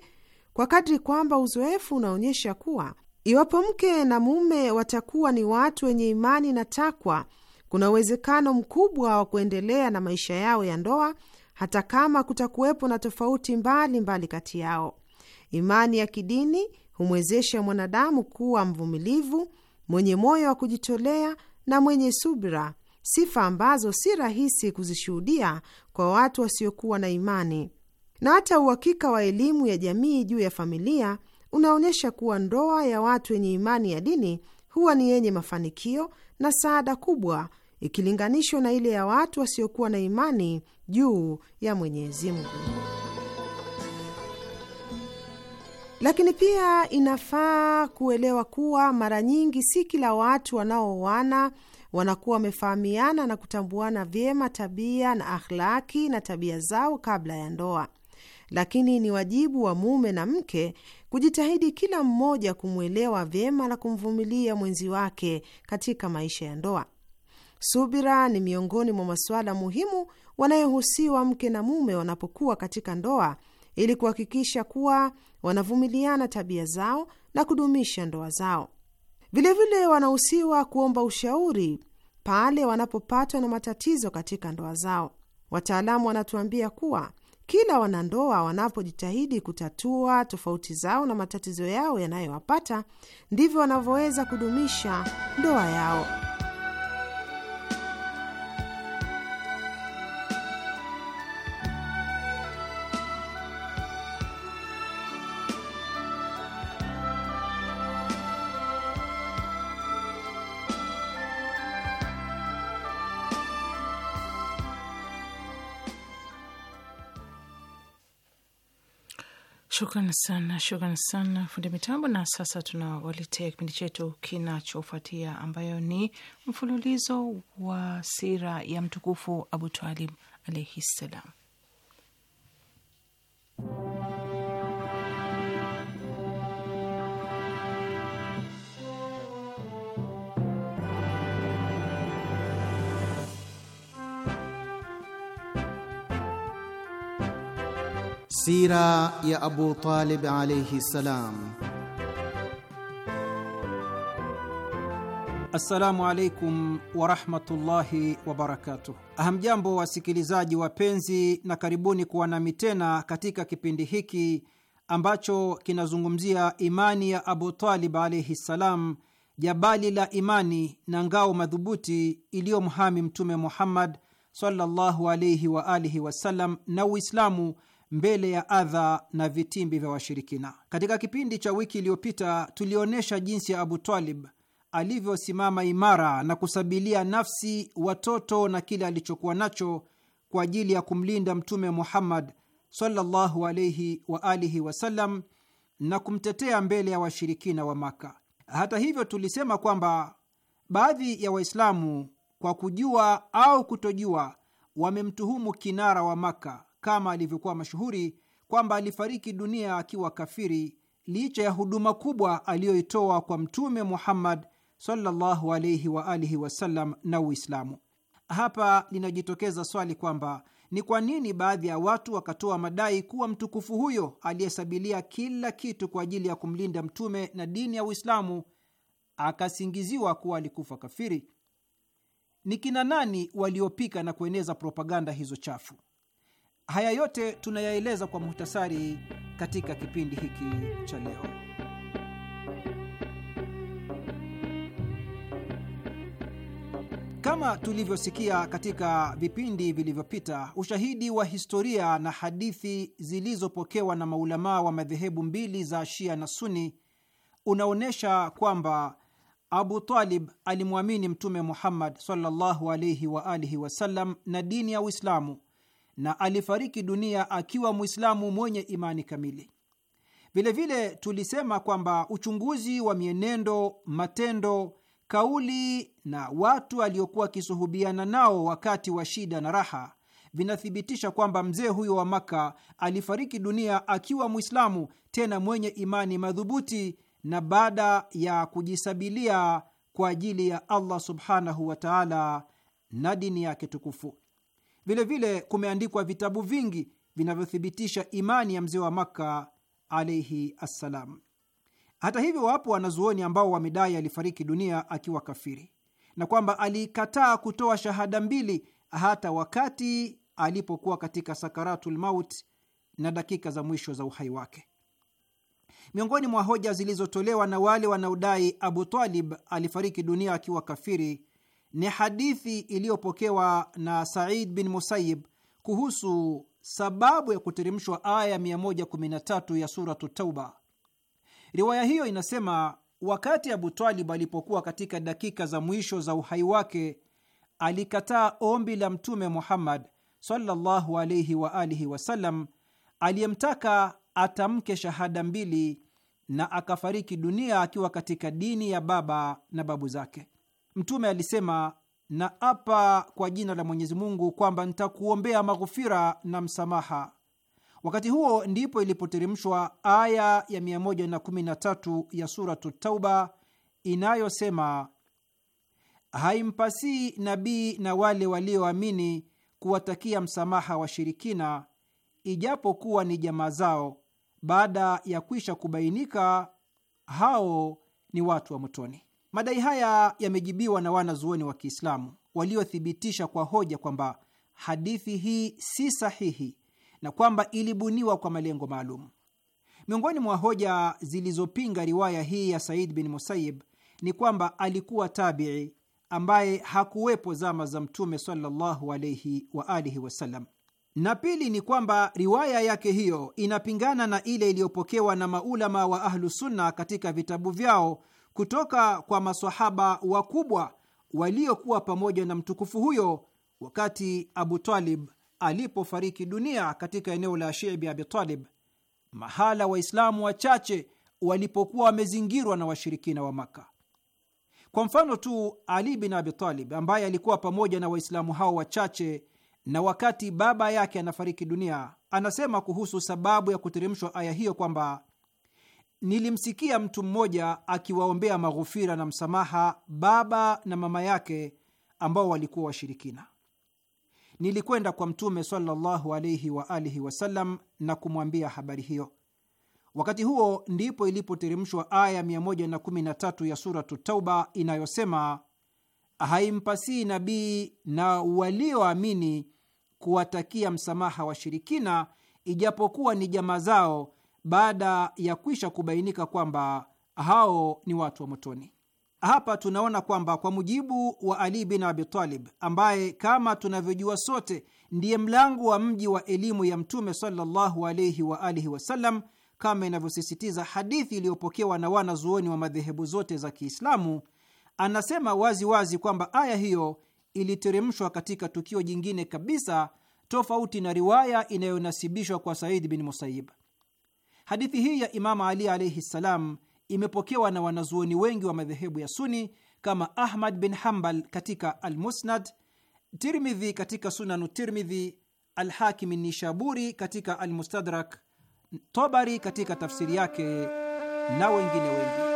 Speaker 4: kwa kadri kwamba uzoefu unaonyesha kuwa iwapo mke na mume watakuwa ni watu wenye imani na takwa, kuna uwezekano mkubwa wa kuendelea na maisha yao ya ndoa hata kama kutakuwepo na tofauti mbalimbali kati yao. Imani ya kidini humwezesha mwanadamu kuwa mvumilivu, mwenye moyo wa kujitolea na mwenye subira, sifa ambazo si rahisi kuzishuhudia kwa watu wasiokuwa na imani. Na hata uhakika wa elimu ya jamii juu ya familia unaonyesha kuwa ndoa ya watu wenye imani ya dini huwa ni yenye mafanikio na saada kubwa ikilinganishwa na ile ya watu wasiokuwa na imani juu ya Mwenyezi Mungu. Lakini pia inafaa kuelewa kuwa mara nyingi si kila watu wanaooana wanakuwa wamefahamiana na kutambuana vyema tabia na akhlaki na tabia zao kabla ya ndoa, lakini ni wajibu wa mume na mke kujitahidi kila mmoja kumwelewa vyema na kumvumilia mwenzi wake katika maisha ya ndoa. Subira ni miongoni mwa masuala muhimu wanayohusiwa mke na mume wanapokuwa katika ndoa, ili kuhakikisha kuwa wanavumiliana tabia zao na kudumisha ndoa zao. Vilevile wanahusiwa kuomba ushauri pale wanapopatwa na matatizo katika ndoa zao. Wataalamu wanatuambia kuwa kila wanandoa wanapojitahidi kutatua tofauti zao na matatizo yao yanayowapata, ndivyo wanavyoweza kudumisha ndoa yao.
Speaker 3: Shukran sana, shukran sana fundi mitambo. Na sasa tunawaletea kipindi chetu kinachofuatia ambayo ni mfululizo wa sira ya mtukufu Abu Talib alaihi ssalam.
Speaker 5: Sira ya Abu Talib alayhi salam.
Speaker 2: Assalamu alaikum warahmatullahi wabarakatuh. Hamjambo wasikilizaji wapenzi, na karibuni kuwa nami tena katika kipindi hiki ambacho kinazungumzia imani ya Abu Talib alaihi ssalam, jabali la imani na ngao madhubuti iliyomhami Mtume Muhammad sallallahu alaihi waalihi wasallam na Uislamu mbele ya adha na vitimbi vya washirikina. Katika kipindi cha wiki iliyopita, tulionyesha jinsi ya Abu Talib alivyosimama imara na kusabilia nafsi, watoto na kile alichokuwa nacho kwa ajili ya kumlinda Mtume Muhammad sallallahu alaihi wa alihi wasallam na kumtetea mbele ya washirikina wa Maka. Hata hivyo, tulisema kwamba baadhi ya Waislamu kwa kujua au kutojua wamemtuhumu kinara wa Maka kama alivyokuwa mashuhuri kwamba alifariki dunia akiwa kafiri licha ya huduma kubwa aliyoitoa kwa Mtume Muhammad sallallahu wa alihi wasallam na Uislamu. Hapa linajitokeza swali kwamba ni kwa nini baadhi ya watu wakatoa madai kuwa mtukufu huyo aliyesabilia kila kitu kwa ajili ya kumlinda mtume na dini ya Uislamu akasingiziwa kuwa alikufa kafiri? Ni kina nani waliopika na kueneza propaganda hizo chafu? Haya yote tunayaeleza kwa muhtasari katika kipindi hiki cha leo. Kama tulivyosikia katika vipindi vilivyopita, ushahidi wa historia na hadithi zilizopokewa na maulamaa wa madhehebu mbili za Shia na Suni unaonyesha kwamba Abu Talib alimwamini Mtume Muhammad sallallahu alaihi wa alihi wasallam na dini ya Uislamu na alifariki dunia akiwa Mwislamu mwenye imani kamili. Vilevile tulisema kwamba uchunguzi wa mienendo, matendo, kauli na watu aliokuwa akisuhubiana nao wakati wa shida na raha vinathibitisha kwamba mzee huyo wa Maka alifariki dunia akiwa Mwislamu, tena mwenye imani madhubuti na baada ya kujisabilia kwa ajili ya Allah subhanahu wa taala na dini yake tukufu. Vilevile kumeandikwa vitabu vingi vinavyothibitisha imani ya mzee wa Makka alaihi assalam. Hata hivyo, wapo wanazuoni ambao wamedai alifariki dunia akiwa kafiri na kwamba aliikataa kutoa shahada mbili hata wakati alipokuwa katika sakaratul maut na dakika za mwisho za uhai wake. Miongoni mwa hoja zilizotolewa na wale wanaodai Abu Talib alifariki dunia akiwa kafiri ni hadithi iliyopokewa na Said bin Musayib kuhusu sababu ya kuteremshwa aya 113 ya Suratu Tauba. Riwaya hiyo inasema, wakati Abu Talib alipokuwa katika dakika za mwisho za uhai wake, alikataa ombi la Mtume Muhammad sallallahu wa alihi wasallam aliyemtaka atamke shahada mbili, na akafariki dunia akiwa katika dini ya baba na babu zake. Mtume alisema, na apa kwa jina la Mwenyezi Mungu kwamba nitakuombea maghufira na msamaha. Wakati huo ndipo ilipoteremshwa aya ya 113 ya Suratu Tauba inayosema, haimpasii nabii na wale walioamini kuwatakia msamaha washirikina, ijapokuwa ni jamaa zao, baada ya kwisha kubainika hao ni watu wa motoni. Madai haya yamejibiwa na wanazuoni wa Kiislamu waliothibitisha kwa hoja kwamba hadithi hii si sahihi na kwamba ilibuniwa kwa malengo maalum. Miongoni mwa hoja zilizopinga riwaya hii ya Said bin Musayib ni kwamba alikuwa tabii ambaye hakuwepo zama za Mtume sallallahu alayhi wa alihi wasallam, na pili ni kwamba riwaya yake hiyo inapingana na ile iliyopokewa na maulama wa Ahlusunna katika vitabu vyao kutoka kwa masahaba wakubwa waliokuwa pamoja na mtukufu huyo wakati Abu Talib alipofariki dunia katika eneo la Shibi Abi Talib, mahala Waislamu wachache walipokuwa wamezingirwa na washirikina wa Maka. Kwa mfano tu, Ali bin Abi Talib ambaye alikuwa pamoja na Waislamu hao wachache, na wakati baba yake anafariki dunia, anasema kuhusu sababu ya kuteremshwa aya hiyo kwamba nilimsikia mtu mmoja akiwaombea maghufira na msamaha baba na mama yake ambao walikuwa washirikina. Nilikwenda kwa Mtume sallallahu alaihi wa alihi wasallam na kumwambia habari hiyo. Wakati huo ndipo ilipoteremshwa aya 113 ya Suratu Tauba inayosema, haimpasii nabii na walioamini kuwatakia msamaha washirikina, ijapokuwa ni jamaa zao baada ya kwisha kubainika kwamba hao ni watu wa motoni. Hapa tunaona kwamba kwa mujibu wa Ali bin Abitalib, ambaye kama tunavyojua sote ndiye mlango wa mji wa elimu ya Mtume sallallahu alayhi wa alihi wasallam, kama inavyosisitiza hadithi iliyopokewa na wanazuoni wa madhehebu zote za Kiislamu, anasema waziwazi wazi kwamba aya hiyo iliteremshwa katika tukio jingine kabisa tofauti na riwaya inayonasibishwa kwa Said bin musayib Hadithi hii ya imamu Ali alaihi ssalam imepokewa na wanazuoni wengi wa madhehebu ya Suni kama Ahmad bin Hambal katika Almusnad, Tirmidhi katika Sunanu Tirmidhi, Alhakimi Nishaburi katika Almustadrak, Tobari katika tafsiri yake na wengine wengi.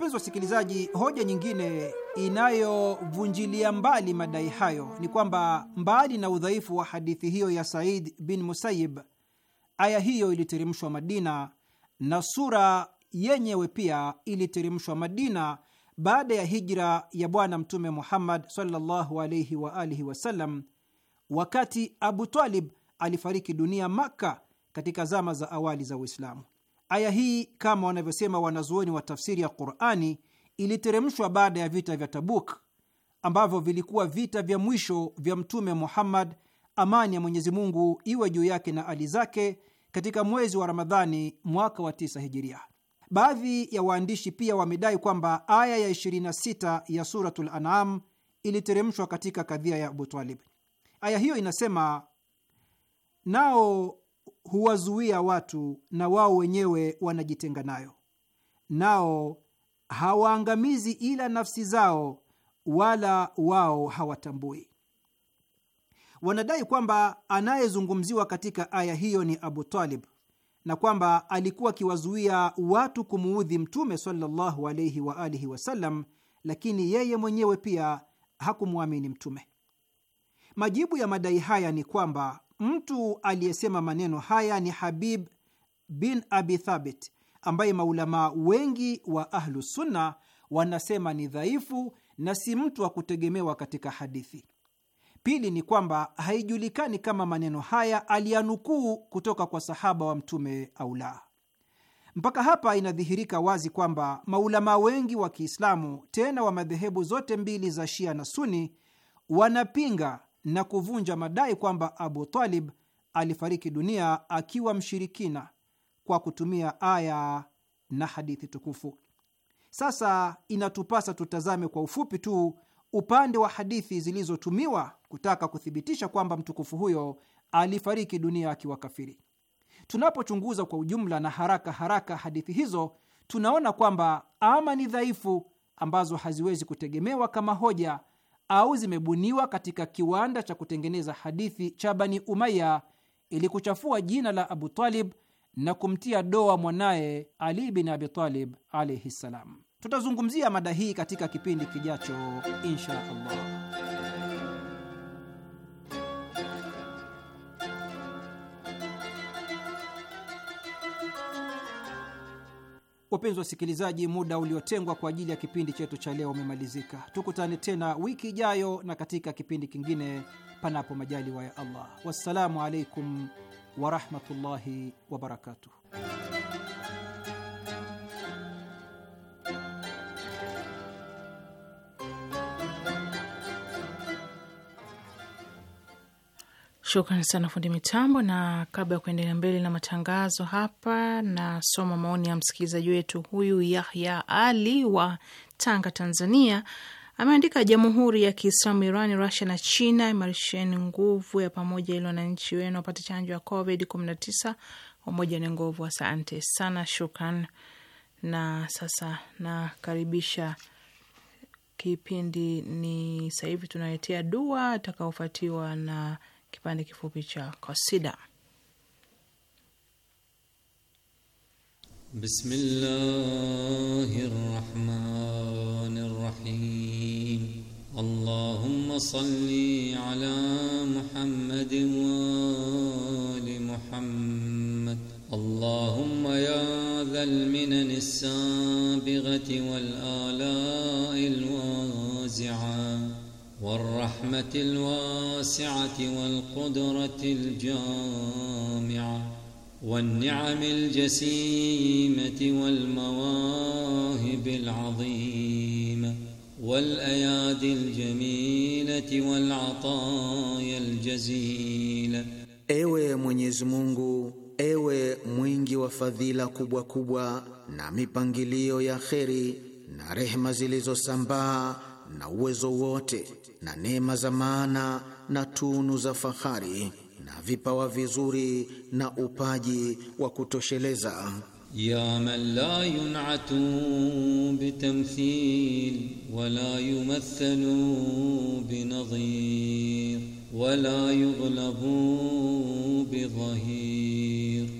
Speaker 2: Wapenzi wasikilizaji, hoja nyingine inayovunjilia mbali madai hayo ni kwamba mbali na udhaifu wa hadithi hiyo ya Said bin Musayib, aya hiyo iliteremshwa Madina na sura yenyewe pia iliteremshwa Madina baada ya hijra ya Bwana Mtume Muhammad sallallahu alaihi wa alihi wasallam, wakati Abu Talib alifariki dunia Makka katika zama za awali za Uislamu. Aya hii kama wanavyosema wanazuoni wa tafsiri ya Qurani iliteremshwa baada ya vita vya Tabuk ambavyo vilikuwa vita vya mwisho vya Mtume Muhammad, amani ya Mwenyezi Mungu iwe juu yake na ali zake, katika mwezi wa Ramadhani mwaka wa tisa Hijiria. Baadhi ya waandishi pia wamedai kwamba aya ya 26 ya Suratul An'am iliteremshwa katika kadhia ya Abu Talib. Aya hiyo inasema, nao huwazuia watu na wao wenyewe wanajitenga nayo, nao hawaangamizi ila nafsi zao, wala wao hawatambui. Wanadai kwamba anayezungumziwa katika aya hiyo ni Abu Talib na kwamba alikuwa akiwazuia watu kumuudhi Mtume sallallahu alaihi wa alihi wasallam, lakini yeye mwenyewe pia hakumwamini Mtume. Majibu ya madai haya ni kwamba Mtu aliyesema maneno haya ni Habib bin Abi Thabit, ambaye maulamaa wengi wa Ahlusunna wanasema ni dhaifu na si mtu wa kutegemewa katika hadithi. Pili ni kwamba haijulikani kama maneno haya aliyanukuu kutoka kwa sahaba wa Mtume au la. Mpaka hapa inadhihirika wazi kwamba maulamaa wengi wa Kiislamu, tena wa madhehebu zote mbili za Shia na Suni, wanapinga na kuvunja madai kwamba Abu Talib alifariki dunia akiwa mshirikina kwa kutumia aya na hadithi tukufu. Sasa inatupasa tutazame kwa ufupi tu upande wa hadithi zilizotumiwa kutaka kuthibitisha kwamba mtukufu huyo alifariki dunia akiwa kafiri. Tunapochunguza kwa ujumla na haraka haraka hadithi hizo, tunaona kwamba ama ni dhaifu ambazo haziwezi kutegemewa kama hoja au zimebuniwa katika kiwanda cha kutengeneza hadithi cha Bani Umaya ili kuchafua jina la Abu Talib na kumtia doa mwanaye Ali bin Abi Talib alaihi ssalam. Tutazungumzia mada hii katika kipindi kijacho, insha Allah. Wapenzi wasikilizaji, muda uliotengwa kwa ajili ya kipindi chetu cha leo umemalizika. Tukutane tena wiki ijayo na katika kipindi kingine, panapo majaliwa ya Allah. Wassalamu alaikum warahmatullahi wabarakatuh.
Speaker 3: Shukran sana fundi mitambo. Na kabla ya kuendelea mbele na matangazo hapa, nasoma maoni ya msikilizaji wetu huyu Yahya Ali wa Tanga, Tanzania. Ameandika, Jamhuri ya Kiislamu Iran, Rusia na China, imarisheni nguvu ya pamoja ili wananchi wenu wapate chanjo ya Covid 19. Umoja ni nguvu. Asante sana, shukran. Na sasa nakaribisha kipindi, ni sahivi tunaletea dua atakaofuatiwa na kipande kifupi cha kasida.
Speaker 6: Bismillahi rahmani rahim. Allahumma salli ala Muhammadin wa ali Muhammad. Allahumma ya ذا المنن السابغة والآلاء الوازعات والرحمة الواسعة والقدرة الجامعة والنعم الجسيمة والمواهب العظيمة والأيادي الجميلة والعطايا الجزيلة
Speaker 5: Ewe Mwenyezi Mungu, ewe mwingi wa fadhila kubwa kubwa na mipangilio ya kheri na rehema zilizosambaa na uwezo wote na neema za maana na tunu za fahari na vipawa vizuri na upaji wa kutosheleza.
Speaker 6: ya man la yun'atu bitamthil wa la yumathalu binadhir wa la yughlabu bidhahir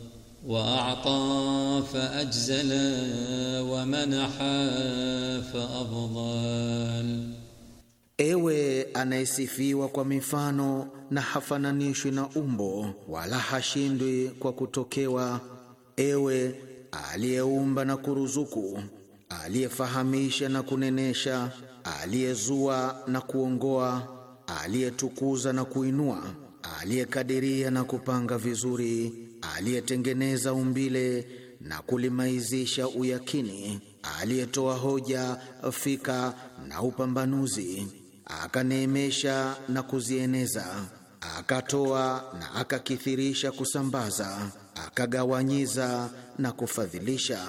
Speaker 6: وأعطى فأجزل
Speaker 5: ومنح فأفضل Ewe anayesifiwa kwa mifano na hafananishwi na umbo wala hashindwi kwa kutokewa. Ewe aliyeumba na kuruzuku, aliyefahamisha na kunenesha, aliyezua na kuongoa, aliyetukuza na kuinua, aliyekadiria na kupanga vizuri aliyetengeneza umbile na kulimaizisha uyakini, aliyetoa hoja, fika na upambanuzi, akaneemesha na kuzieneza, akatoa na akakithirisha kusambaza, akagawanyiza na kufadhilisha.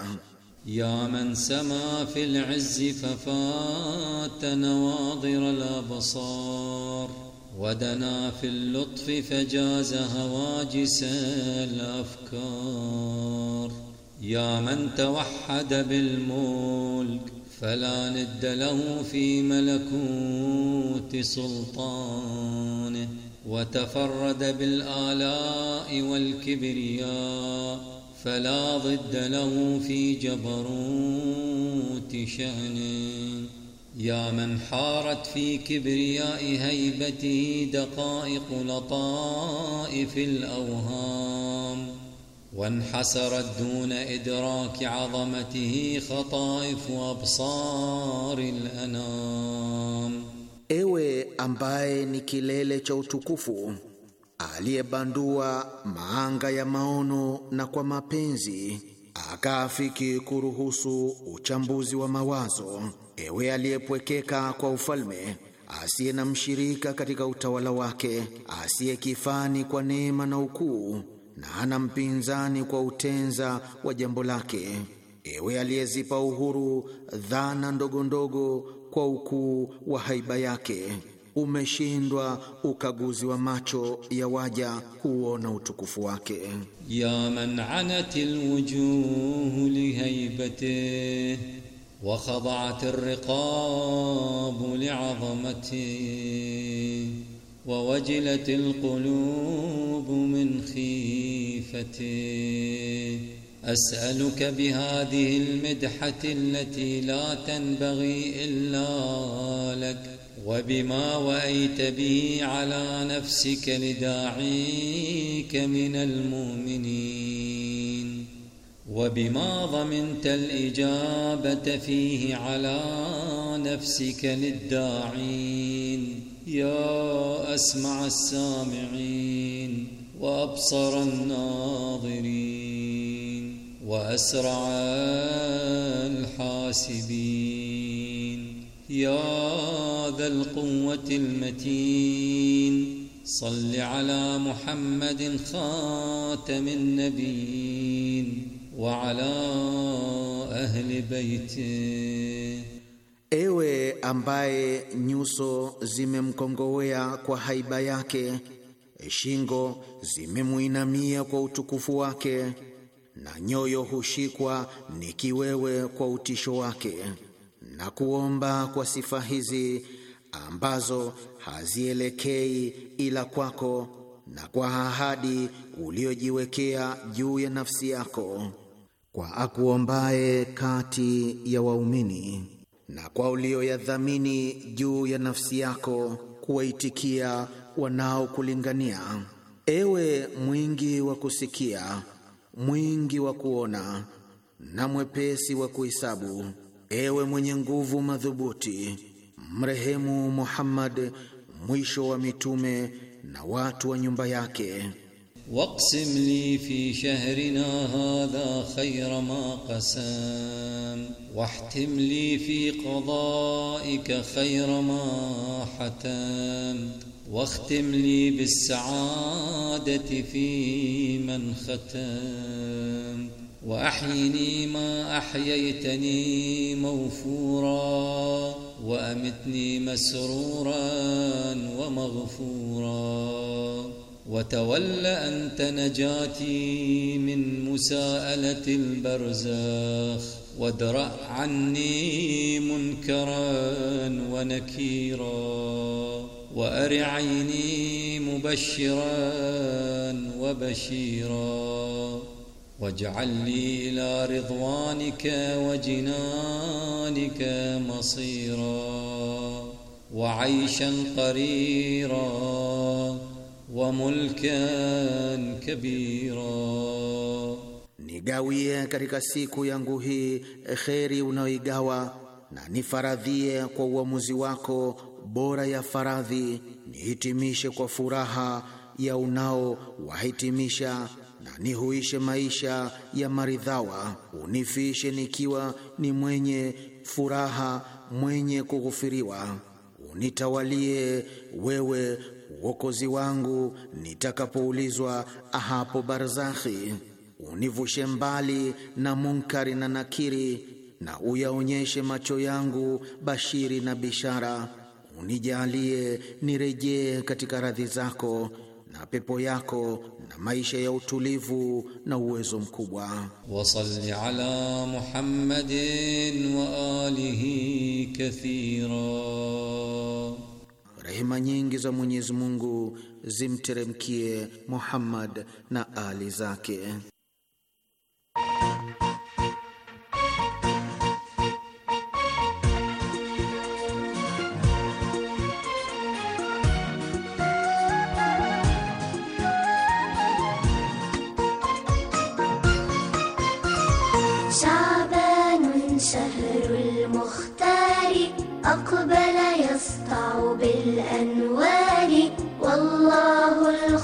Speaker 6: Ya man sama fil izzi fafata nawadhira al absar ودنا في اللطف فجاز هواجس الأفكار يا من توحد بالملك فلا ند له في ملكوت سلطانه وتفرد بالآلاء والكبرياء فلا ضد له في جبروت شأنه يا من حارت في كبرياء هيبته دقائق لطائف الأوهام وانحسرت دون إدراك
Speaker 5: عظمته خطائف أبصار الأنام Ewe ambaye ni kilele cha utukufu aliyebandua maanga ya maono na kwa mapenzi akaafiki kuruhusu uchambuzi wa mawazo. Ewe aliyepwekeka kwa ufalme, asiye na mshirika katika utawala wake, asiye kifani kwa neema na ukuu, na ana mpinzani kwa utenza wa jambo lake. Ewe aliyezipa uhuru dhana ndogo ndogo kwa ukuu wa haiba yake umeshindwa ukaguzi wa macho ya waja kuona utukufu wake.
Speaker 6: ya man anat alwujuh lihaybatihi wa khada'at alriqab li'azamatihi wa wajilat alqulub min khifati أسألك بهذه المدحة التي لا تنبغي إلا لك وبما وأيت به على نفسك لداعيك من المؤمنين وبما ضمنت الإجابة فيه على نفسك للداعين يا أسمع السامعين وأبصر الناظرين وأسرع الحاسبين يا ذا القوة المتين صل على محمد خاتم النبيين وعلى
Speaker 5: أهل بيته Ewe ambaye nyuso zimemkongowea kwa haiba yake, shingo zimemuinamia kwa utukufu wake, na nyoyo hushikwa ni kiwewe kwa utisho wake. na kuomba kwa sifa hizi ambazo hazielekei ila kwako na kwa ahadi uliojiwekea juu ya nafsi yako kwa akuombaye kati ya waumini na kwa ulioyadhamini juu ya nafsi yako kuwaitikia wanaokulingania. Ewe mwingi wa kusikia, mwingi wa kuona na mwepesi wa kuhesabu. Ewe mwenye nguvu madhubuti, mrehemu Muhammad mwisho wa mitume na watu wa nyumba yake. Waqsim li fi shahrina hadha khayra ma
Speaker 6: qasam wahtim li fi qada'ika khayra ma hatam واختم لي بالسعادة في من ختمت وأحيني ما أحييتني موفورا وأمتني مسرورا ومغفورا وتول أنت نجاتي من مساءلة البرزخ وادرأ عني منكرا ونكيرا وأر عيني مبشرا وبشيرا واجعل لي إلى رضوانك وجنانك مصيرا وعيشا قريرا وملكا
Speaker 5: كبيرا nigawie katika siku yangu hii kheri unayoigawa na nifaradhie kwa uamuzi wako bora ya faradhi, nihitimishe kwa furaha ya unaowahitimisha na nihuishe maisha ya maridhawa, unifishe nikiwa ni mwenye furaha, mwenye kughufiriwa. Unitawalie wewe uokozi wangu nitakapoulizwa hapo barzakhi. Univushe mbali na munkari na nakiri, na uyaonyeshe macho yangu bashiri na bishara. Unijalie nirejee katika radhi zako na pepo yako na maisha ya utulivu na uwezo mkubwa. Wasalli ala Muhammadin wa alihi kathira, rehema nyingi za Mwenyezi Mungu zimteremkie Muhammad na ali zake.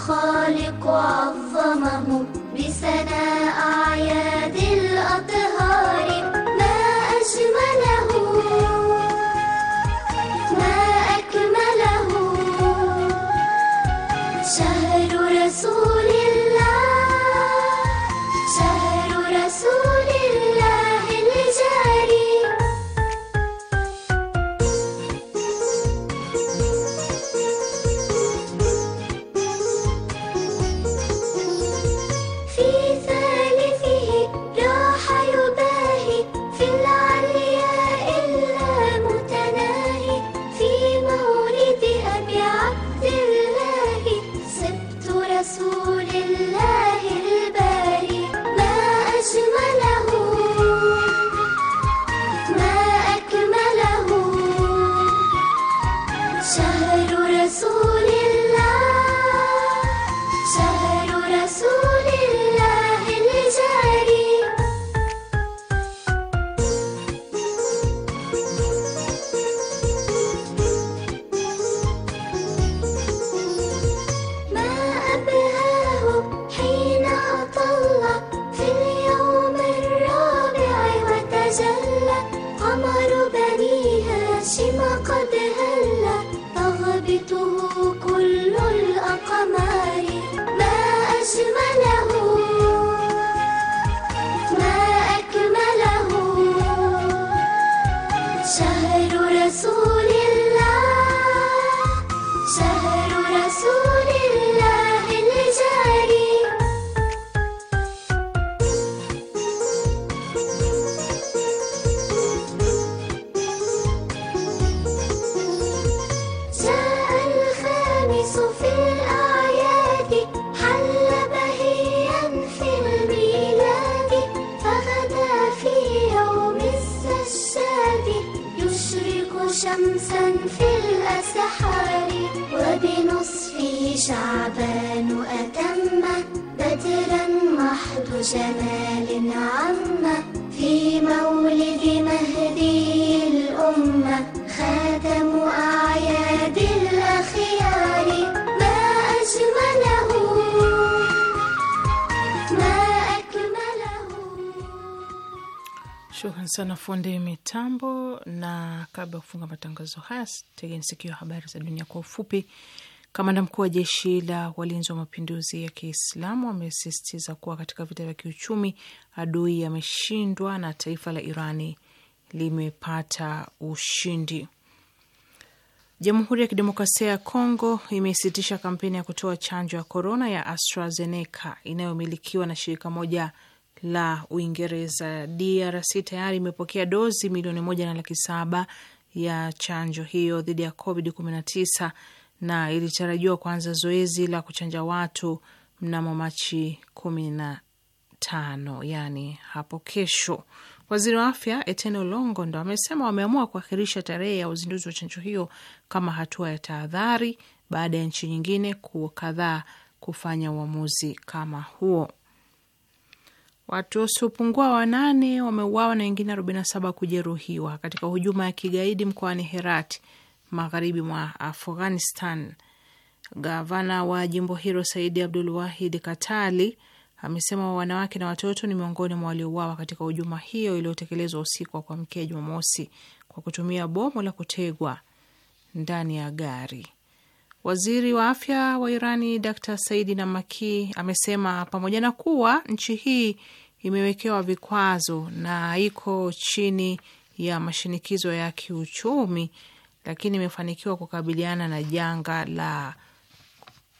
Speaker 7: الخالق عظمه بسنا أعياده رسول
Speaker 3: Shukran sana fundi mitambo. Na kabla ya kufunga matangazo haya, tegeni sikio habari za dunia kwa ufupi. Kamanda mkuu wa jeshi la walinzi wa mapinduzi ya Kiislamu amesisitiza kuwa katika vita vya kiuchumi adui ameshindwa na taifa la Irani limepata ushindi. Jamhuri ya Kidemokrasia ya Kongo imesitisha kampeni ya kutoa chanjo ya korona ya AstraZeneca inayomilikiwa na shirika moja la Uingereza. DRC tayari imepokea dozi milioni moja na laki saba ya chanjo hiyo dhidi ya Covid 19 na ilitarajiwa kuanza zoezi la kuchanja watu mnamo Machi kumi na tano, yani hapo kesho. Waziri wa afya Eteno Longo ndo amesema wameamua kuakhirisha tarehe ya uzinduzi wa chanjo hiyo kama hatua ya tahadhari baada ya nchi nyingine kadhaa kufanya uamuzi kama huo. Watu wasiopungua wanane wameuawa na wengine 47 kujeruhiwa katika hujuma ya kigaidi mkoani Herat, magharibi mwa Afghanistan. Gavana wa jimbo hilo Saidi Abdul Wahid Katali amesema wanawake na watoto ni miongoni mwa waliouawa katika hujuma hiyo iliyotekelezwa usiku wa kuamkia Jumamosi kwa kutumia bomu la kutegwa ndani ya gari. Waziri wa afya wa Irani Dr Saidi Namaki amesema pamoja na kuwa nchi hii imewekewa vikwazo na iko chini ya mashinikizo ya kiuchumi, lakini imefanikiwa kukabiliana na janga la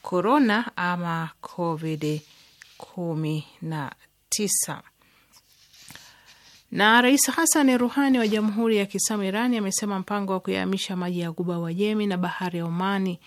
Speaker 3: korona ama Covid 19. na Na Rais hasani Ruhani wa Jamhuri ya Kiislamu Irani amesema mpango wa kuyahamisha maji ya wa Wajemi na bahari ya Omani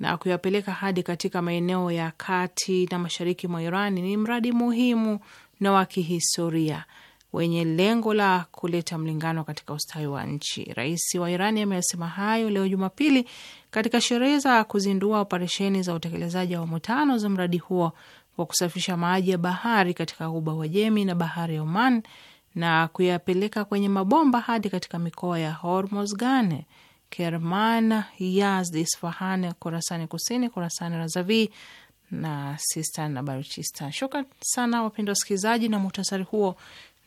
Speaker 3: na kuyapeleka hadi katika maeneo ya kati na mashariki mwa Irani ni mradi muhimu na wa kihistoria wenye lengo la kuleta mlingano katika ustawi wa nchi. Rais wa Irani ameyasema hayo leo Jumapili katika sherehe za kuzindua operesheni za utekelezaji wa awamu tano za mradi huo wa kusafisha maji ya bahari katika Ghuba jemi na bahari ya Oman na kuyapeleka kwenye mabomba hadi katika mikoa ya gane Kerman, Yazd, Isfahan, Korasani Kusini, kurasani Razavi na Sistan na Baruchistan. Shukran sana wapendwa wasikilizaji, na muhtasari huo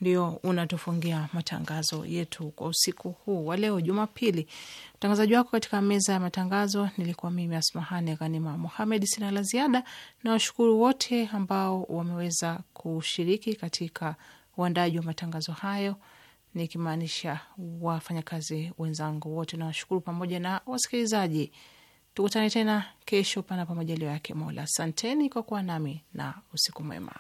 Speaker 3: ndio unatufungia matangazo yetu kwa usiku huu wa leo Jumapili. Mtangazaji wako katika meza ya matangazo nilikuwa mimi Asmahani Ghanima Muhamed. Sina la ziada na washukuru wote ambao wameweza kushiriki katika uandaji wa matangazo hayo nikimaanisha wafanyakazi wenzangu wote, na washukuru pamoja na wasikilizaji. Tukutane tena kesho, panapo majalio yake Mola. Asanteni kwa kuwa nami na usiku mwema.